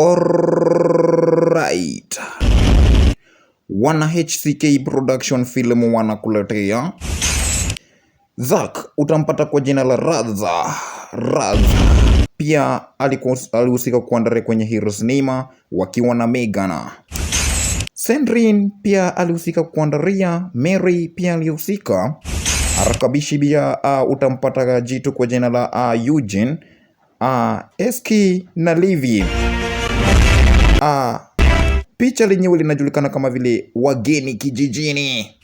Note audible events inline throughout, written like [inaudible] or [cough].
Alright. Wana HCK Production Film wanakuletea Zack, utampata kwa jina la Raza. Raza pia alihusika kuandare kwenye Hero Cinema wakiwa na Megana. Sandrine pia alihusika kuandaria, Mary pia alihusika Arakabishi pia uh, utampata jitu kwa jina la uh, Eugene uh, Eski na Livy. Ah, picha lenyewe linajulikana kama vile wageni kijijini.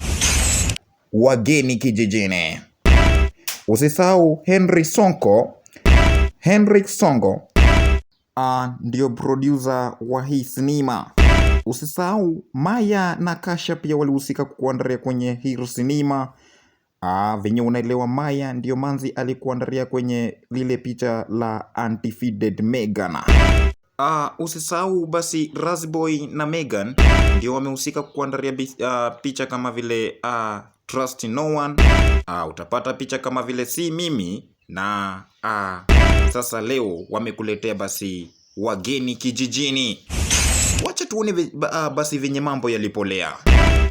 Wageni kijijini. Usisahau Henry Sonko. Henry Songo ah, ndio producer wa hii sinema. Usisahau Maya na Kasha pia walihusika kuandaria kwenye hii sinema. Ah, venye unaelewa Maya ndio manzi alikuandaria kwenye lile picha la Untitled Megana. Uh, usisahau basi Rasboy na Megan ndio wamehusika kuandaria uh, picha kama vile uh, Trust No One. Uh, utapata picha kama vile si mimi na uh, sasa leo wamekuletea basi wageni kijijini. Wacha tuone uh, basi venye mambo yalipolea.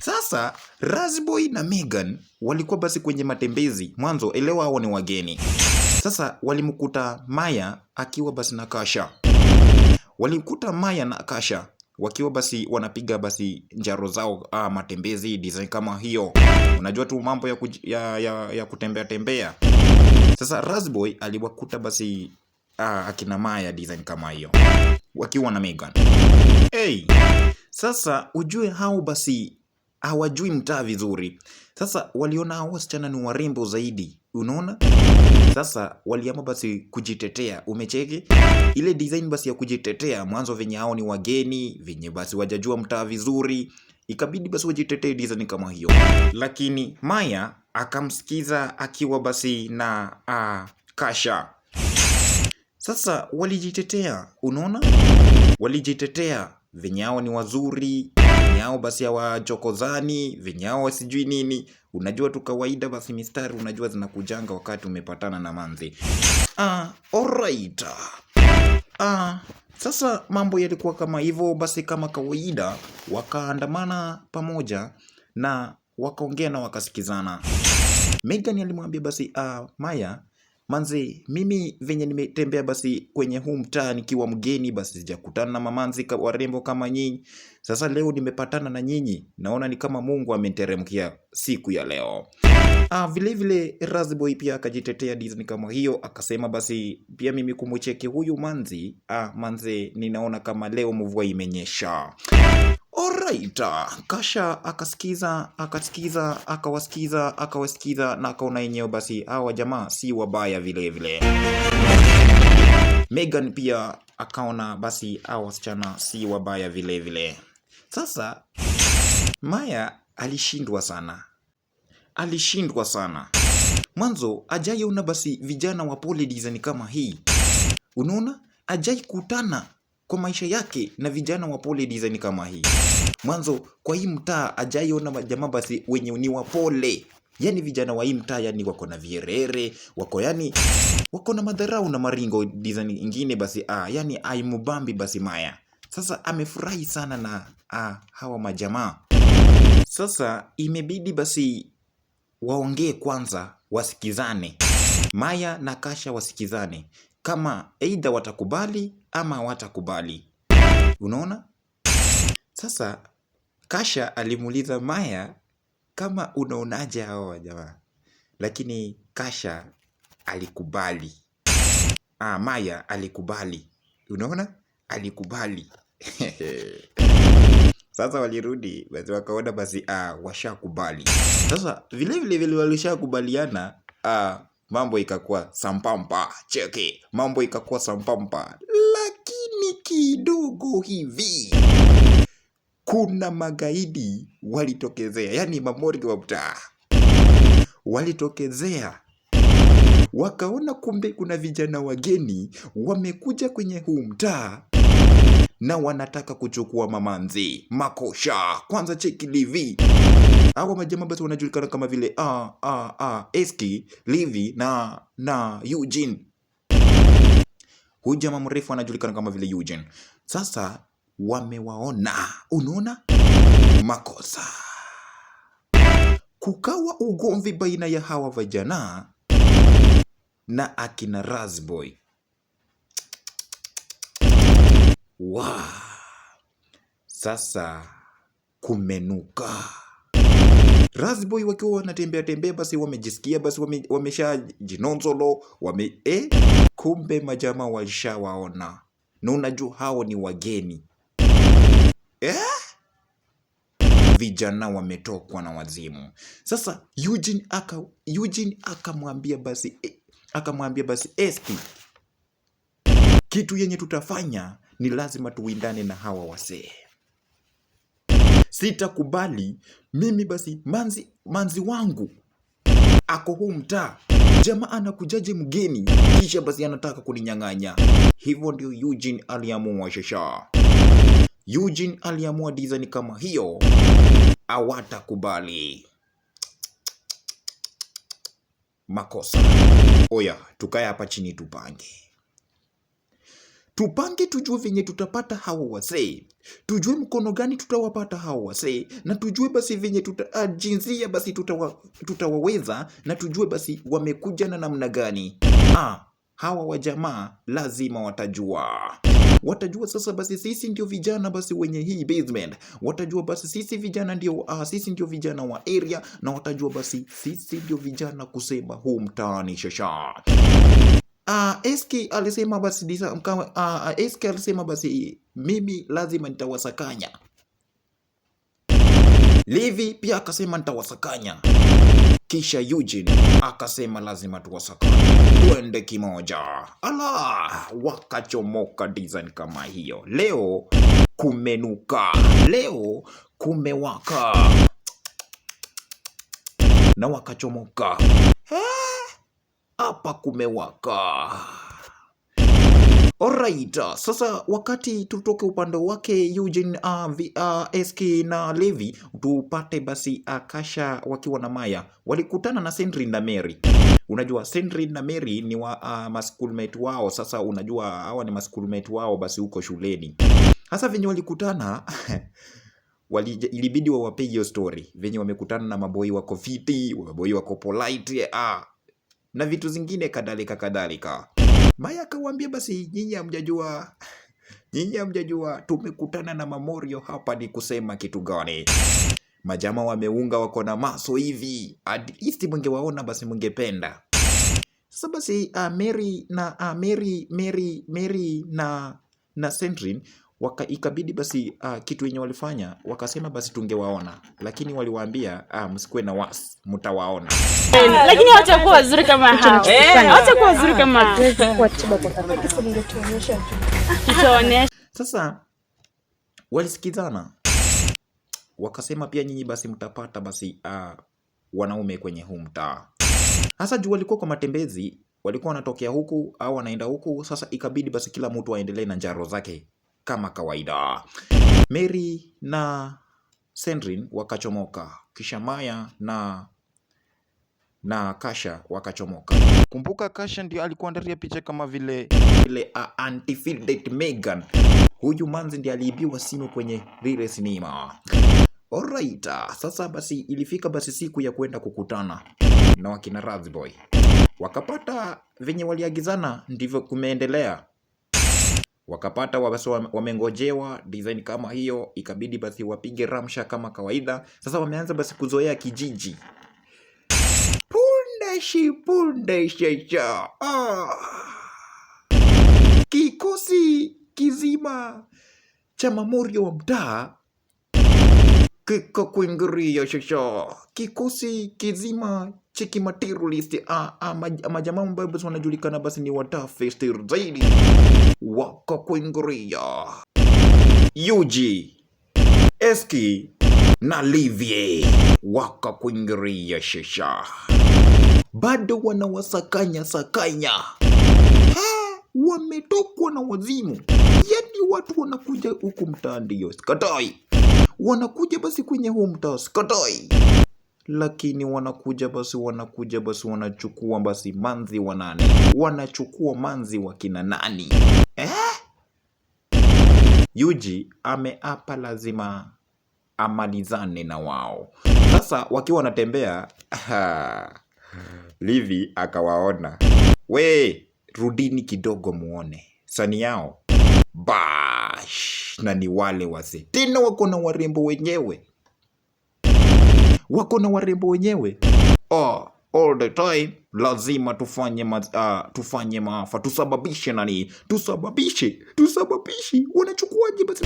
Sasa Rasboy na Megan walikuwa basi kwenye matembezi mwanzo, elewa hao ni wageni. Sasa walimkuta Maya akiwa basi na Kasha Walimkuta Maya na Akasha wakiwa basi wanapiga basi njaro zao ah, matembezi design kama hiyo, unajua tu mambo ya, ya, ya, ya kutembea tembea. Sasa Rasboy aliwakuta basi ah, akina Maya design kama hiyo wakiwa na Megan. Hey, sasa ujue hao basi hawajui mtaa vizuri. Sasa waliona hao wasichana ni warembo zaidi, unaona sasa waliamua basi kujitetea, umecheki ile design basi ya kujitetea mwanzo, venye hao ni wageni, venye basi wajajua mtaa vizuri, ikabidi basi wajitetee design kama hiyo, lakini Maya akamsikiza akiwa basi na uh, Kasha. Sasa walijitetea, unaona, walijitetea venye hao ni wazuri vinyao basi ya wachokozani vinyao sijui nini, unajua tu kawaida basi mistari, unajua zinakujanga wakati umepatana na manzi. Ah, alright. Ah, sasa mambo yalikuwa kama hivyo basi, kama kawaida wakaandamana pamoja na wakaongea na wakasikizana. Megan alimwambia basi, ah, Maya Manze, mimi venye nimetembea basi kwenye huu mtaa nikiwa mgeni basi sijakutana na mamanzi warembo kama nyinyi. Sasa leo nimepatana na nyinyi, naona ni kama Mungu ameteremkia siku ya leo. Ah, vile vile Razboy pia akajitetea Disney kama hiyo, akasema basi pia mimi kumucheki huyu manzi. Ah, manze ninaona kama leo mvua imenyesha. Alright, kasha akasikiza, akasikiza, akawasikiza, akawasikiza na akaona yenyewe basi hawa jamaa si wabaya vile vile. Megan pia akaona basi hawa wasichana si wabaya vile vile. Sasa Maya alishindwa sana, alishindwa sana. Mwanzo ajaiona basi vijana wa pole design kama hii, unaona ajai kutana kwa maisha yake na vijana wa pole design kama hii. Mwanzo kwa hii mtaa ajaiona majamaa basi wenye ni wa pole Yaani vijana wa hii mtaa yani wako na vierere, wako yani wako na madharau na maringo design ingine basi ah, yani aimubambi basi maya. Sasa amefurahi sana na ah, hawa majamaa. Sasa imebidi basi waongee kwanza, wasikizane. Maya na Kasha wasikizane kama aidha watakubali ama watakubali Unaona? Sasa Kasha alimuuliza Maya kama unaonaje hawa jamaa, lakini Kasha alikubali. Ah, Maya alikubali. Unaona? Alikubali. [laughs] Sasa walirudi basi wakaona basi ah, washakubali. Sasa vile vile vile walishakubaliana ah mambo ikakuwa sampampa, cheke, mambo ikakuwa sampampa, lakini kidogo hivi kuna magaidi walitokezea, yani mamorgi wa mtaa walitokezea wakaona kumbe kuna vijana wageni wamekuja kwenye huu mtaa na wanataka kuchukua mamanzi makosha. Kwanza cheki livi Hawa majama basi wanajulikana kama vile a ah, a ah, a ah, Eski, Livi na na Eugene. Huyu jamaa mrefu anajulikana kama vile Eugene. Sasa wamewaona, unaona makosa. Kukawa ugomvi baina ya hawa vijana na akina Razboy. Wow. Sasa kumenuka. Rasboy wakiwa wanatembea tembea, basi wamejisikia basi wame, wamesha jinonzolo wame, eh, kumbe majama washawaona na unajua hao ni wageni eh? Vijana wametokwa na wazimu. Sasa Eugene aka Eugene akamwambia basi eh, akamwambia basi eh, SP, kitu yenye tutafanya ni lazima tuwindane na hawa wasee. Sitakubali mimi basi manzi, manzi wangu ako huu mtaa, jamaa anakujaje mgeni, kisha basi anataka kuninyang'anya. Hivyo ndio Eugene aliamua. Shasha Eugene aliamua design kama hiyo awatakubali makosa. Oya, tukae hapa chini tupange. Tupange tujue venye tutapata hao wazee, tujue mkono gani tutawapata hao wasee, na tujue basi venye tuta, ah, jinsia basi tutawa, tutawaweza na tujue basi wamekuja na namna gani. Ah, hawa wajamaa lazima watajua watajua sasa basi sisi ndio vijana basi wenye hii basement, watajua basi sisi vijana ndio uh, sisi ndio vijana wa area, na watajua basi sisi ndio vijana kusema huu mtaani shasha uh, ah, SK alisema basi disa, mkawa, ah, ah, uh, SK alisema basi mimi lazima nitawasakanya. Levi pia akasema nitawasakanya. Kisha Eugene akasema lazima tuwasakanye twende kimoja. Ala, wakachomoka design kama hiyo. Leo kumenuka, leo kumewaka na wakachomoka hapa kumewaka. Alright, sasa wakati tutoke upande wake Eugene uh, v, uh, SK na Levi tupate basi Akasha uh, wakiwa na Maya walikutana na Sandrine na Mary. Unajua Sandrine na Mary ni wa, uh, maschoolmate wao. Sasa unajua hawa ni maschoolmate wao basi huko shuleni hasa venye walikutana [laughs] Wali, ilibidi wawapee hiyo story venye wamekutana na maboi wako fiti, maboi wako polite ah, na vitu zingine kadhalika kadhalika. Maya akawaambia basi, nyinyi hamjajua nyinyi hamjajua tumekutana na Mamorio hapa ni kusema kitu gani? Majama wameunga wako na maso hivi, at least mngewaona basi mngependa. Sasa basi uh, Mary na uh, Mary Mary Mary na na Sandrine Waka, ikabidi basi uh, kitu yenye walifanya wakasema basi tungewaona, lakini waliwaambia uh, msikuwe na wasi, mtawaona lakini hawatakuwa wazuri kama hao, hawatakuwa eh, wazuri ah, kama sasa. Walisikizana wakasema pia nyinyi basi mtapata basi uh, wanaume kwenye huu mtaa hasa juu walikuwa kwa matembezi, walikuwa wanatokea huku au wanaenda huku. Sasa ikabidi basi kila mtu aendelee na njaro zake kama kawaida. Mary na Sandrine wakachomoka, kisha Maya na na Kasha wakachomoka. Kumbuka Kasha ndio alikuwa picha kama vile vile anti-filled Megan. Huyu manzi ndiye aliibiwa simu kwenye lile sinema. Alright, ah, sasa basi ilifika basi siku ya kwenda kukutana na wakina Razboy. Wakapata venye waliagizana ndivyo kumeendelea wakapata wamengojewa design kama hiyo, ikabidi basi wapige ramsha kama kawaida. Sasa wameanza basi kuzoea kijiji punde punde shesha ah. Kikosi kizima cha mamorio wa mtaa kiko kuingiria shesha, kikosi kizima cheki materialist ah, ah, ah, majamaa ambayo basi wanajulikana basi ni watafi zaidi wako kuingiria Yuji Eski na Livie wako kuingiria shisha, bado wanawasakanya sakanya, wametokwa na wazimu. Yani watu wanakuja huku mtaa ndio wanakuja basi kwenye huu mtaa skatai lakini wanakuja basi, wanakuja basi, wanachukua basi manzi wa nani, wanachukua manzi wa kina nani eh? Yuji ameapa lazima amalizane na wao. Sasa wakiwa wanatembea [laughs] Livi akawaona, we rudini kidogo muone sani yao bash, na ni wale wazee tena wako na warembo wenyewe wako na warembo wenyewe. Oh, all the time lazima tufanye ma, uh, tufanye maafa tusababishe nani, tusababishe tusababishe. Wanachukuaje basi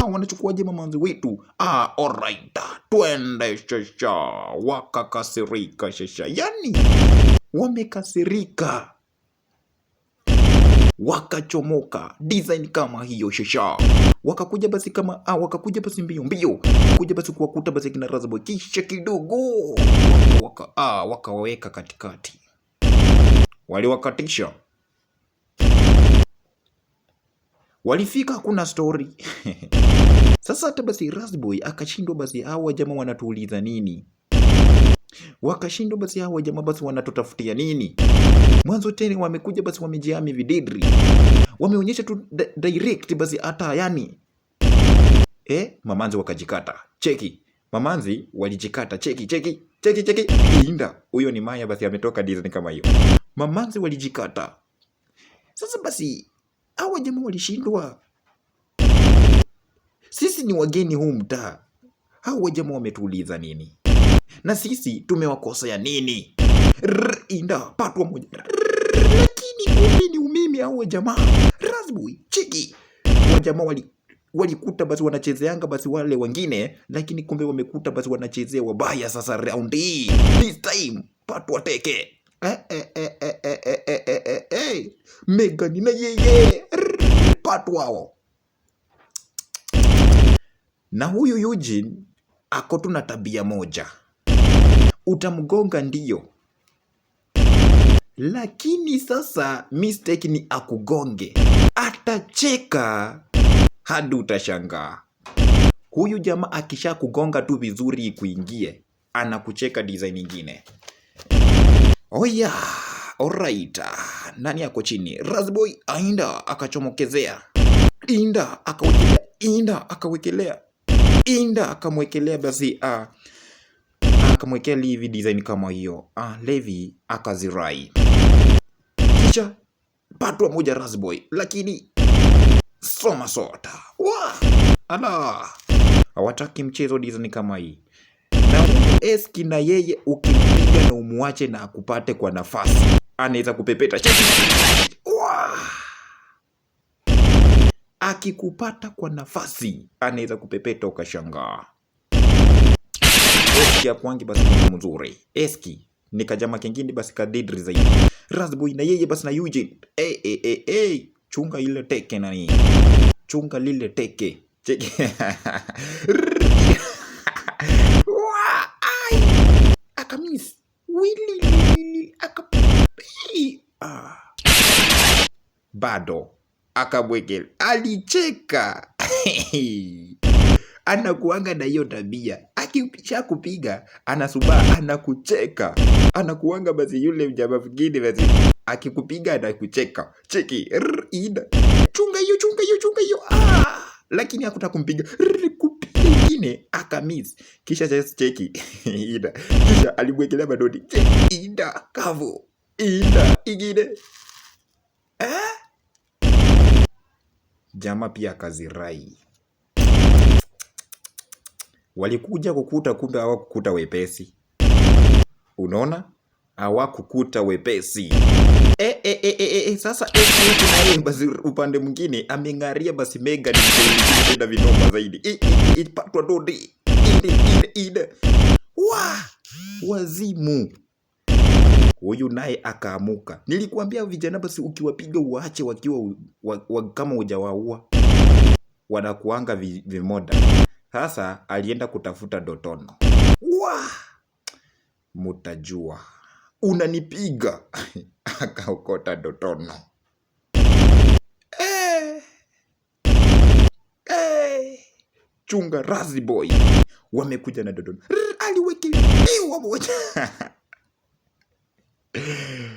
ah, wanachukuaje mamanzi wetu? Ah, alright, twende shesha. Wakakasirika shesha, yani wamekasirika wakachomoka design kama hiyo shesha, wakakuja basi kama ah, wakakuja basi mbio mbio, kuja basi kuwakuta basi kina Razboy, kisha kidogo waka ah, wakawaweka katikati, waliwakatisha walifika kuna story [laughs] sasa. Hata basi Razboy akashindwa basi, hawa jamaa wanatuuliza nini? Wakashindwa basi, hawa jamaa basi wanatutafutia nini? Mwanzo tena wamekuja basi wamejihami vididri, wameonyesha tu direct basi hata yani eh, mamanzi wakajikata cheki, mamanzi walijikata cheki cheki cheki cheki, inda huyo ni Maya basi ametoka Disney kama hiyo, mamanzi walijikata. Sasa basi hawa jamaa walishindwa, sisi ni wageni huu mtaa, hawa jamaa wametuuliza nini na sisi tumewakosea nini? Rrr, inda patwa moja. Rrr lakini kumbe ni umeme au jamaa rasmi. chiki wajamaa wali walikuta basi wanachezeanga basi wale wengine, lakini kumbe wamekuta basi wanachezea wabaya. Sasa round hii this time patwa teke eh, eh, eh, eh, eh, eh, eh, eh. eh, eh, eh. Megani na yeye patwao na huyu Eugene ako tu na tabia moja, utamgonga ndio lakini sasa mistake ni akugonge, atacheka hadi utashangaa. Huyu jamaa akisha kugonga tu vizuri ikuingie, anakucheka design nyingine. Oh yeah, alright. Nani yako chini? Razboy ainda akachomokezea inda akawekelea inda akawekelea inda akamwekelea basi uh, akamwekea Levi design kama hiyo uh, Levi akazirai kisha patwa moja rasboy, lakini soma sota wa ala, hawataki mchezo Disney kama hii. Na Eski na yeye ukimpiga na umwache na akupate kwa nafasi, anaweza kupepeta wa akikupata kwa nafasi, anaweza kupepeta ukashangaa. Eski akwangi basi mzuri Eski ni kajama kengine basi kadidri zaidi. Rasboy na yeye basi na Eugene. Eh eh eh eh, chunga ile teke nani. Chunga lile teke. Cheke. [laughs] Akamis. Wili akapi. Ah. Bado akabwekele alicheka. [laughs] Anakuanga na hiyo tabia akisha kupiga anasuba, anakucheka, anakuanga basi. Yule jamaa mwingine basi akikupiga anakucheka, cheki ida, chunga hiyo, chunga hiyo, chunga hiyo, ah, lakini akuta kumpiga kupiga ingine akamiss, kisha cheki [laughs] ida, kisha alimwekelea madodi, cheki ida, kavu ida igine eh? Jamaa pia kazirai Walikuja kukuta kumbe hawakukuta wepesi. Unaona? Hawakukuta wepesi. E, e, e, e, e, sasa e, basi upande mwingine ameng'aria basi Megan tena vinoma zaidi. ipatwa dodi. Wa! Wazimu. Huyu naye akaamuka. Nilikuambia vijana basi ukiwapiga uwache wakiwa wa, wa, kama ujawaua wanakuanga vimoda. Sasa alienda kutafuta Dotono. Wa! Mutajua. Unanipiga. [laughs] Akaokota Dotono. Hey! Eh! Eh! Chunga Razi Boy. Wamekuja na Dotono. Aliwekiliwa moja. [laughs]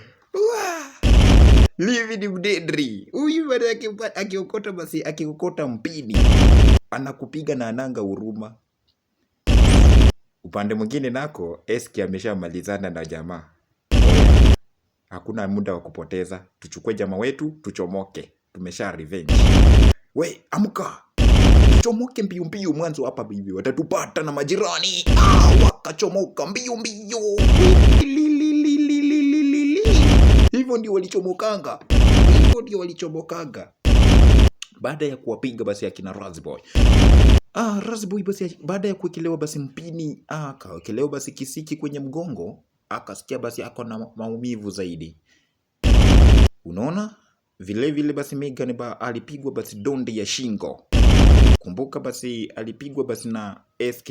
Hivi ni mdedri huyu akiokota, basi akiokota mpini anakupiga na ananga huruma. Upande mwingine nako Eski ameshamalizana na jamaa, hakuna muda wa kupoteza, tuchukue jamaa wetu tuchomoke, tumesha revenge. We amka, chomoke mbio mbio, mwanzo hapa bibi watatupata na majirani. Ah, wakachomoka mbio mbio hivyo ndio walichomokanga, hivyo ndio walichomokanga baada ya kuwapinga basi akina Razboy. Ah, Razboy basi baada ya kuwekelewa basi mpini akawekelewa basi kisiki kwenye mgongo, akasikia basi ako na maumivu zaidi, unaona vile vile basi Megan ba alipigwa basi donde ya shingo. Kumbuka basi alipigwa basi na SK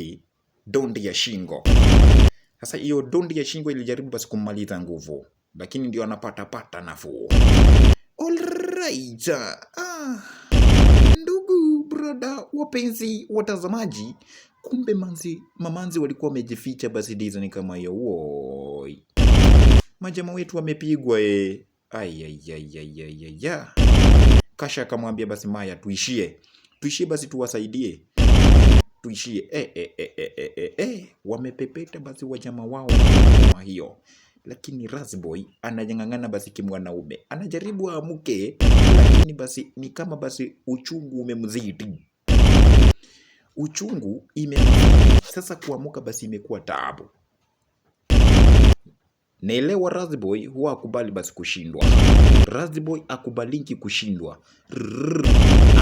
donde ya shingo. Sasa hiyo donde ya shingo ilijaribu basi kumaliza nguvu lakini ndio anapatapata nafuu. Alright. Ah. Ndugu brada, wapenzi watazamaji, kumbe manzi mamanzi walikuwa wamejificha basi dizani kama hiyo. Woi, majama wetu wamepigwa eh. Ayayayayaya, Kasha akamwambia basi Maya, tuishie tuishie basi, tuwasaidie tuishie. E, e, e, e, e, e. Wamepepeta basi wajama wao kama hiyo lakini Rasboy anajang'ang'ana basi kimwanaume, anajaribu aamke, lakini basi ni kama basi uchungu umemzidi, uchungu ime sasa kuamuka basi imekuwa taabu. Naelewa Rasboy huwa akubali basi kushindwa. Rasboy akubalinki kushindwa.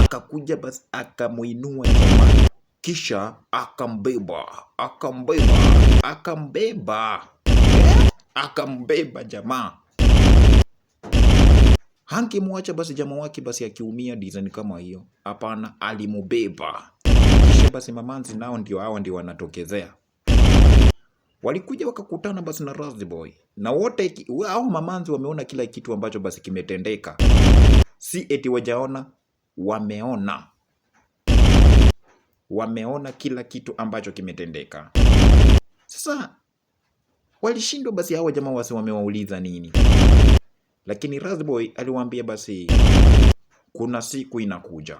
Akakuja basi akamuinua jamaa, kisha akambeba, akambeba, akambeba akambeba jamaa hankimwacha basi jamaa wake basi akiumia design kama hiyo hapana, alimubeba kisha basi mamanzi nao ndio hawa ndio wanatokezea, walikuja wakakutana basi na Razzy Boy na wote hao mamanzi wameona kila kitu ambacho basi kimetendeka, si eti wajaona, wameona wameona kila kitu ambacho kimetendeka. Sasa walishindwa, basi hawa jamaa wasi wamewauliza nini? Lakini Razboy aliwaambia basi, kuna siku inakuja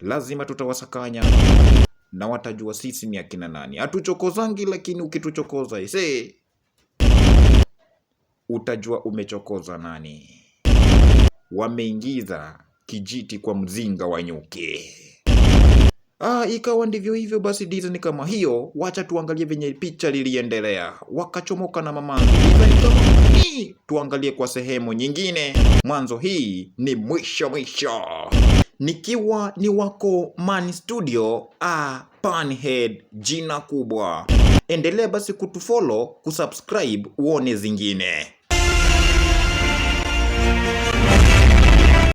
lazima tutawasakanya na watajua sisi ni akina nani. Hatuchokozangi, lakini ukituchokoza ise utajua umechokoza nani. Wameingiza kijiti kwa mzinga wa nyuki. Ah, ikawa ndivyo hivyo basi. Design kama hiyo, wacha tuangalie venye picha liliendelea, wakachomoka na mama. Tuangalie kwa sehemu nyingine. Mwanzo hii ni mwisho mwisho, nikiwa ni wako Man Studio a Panhead, jina kubwa. Endelea basi kutufollow, kusubscribe uone zingine.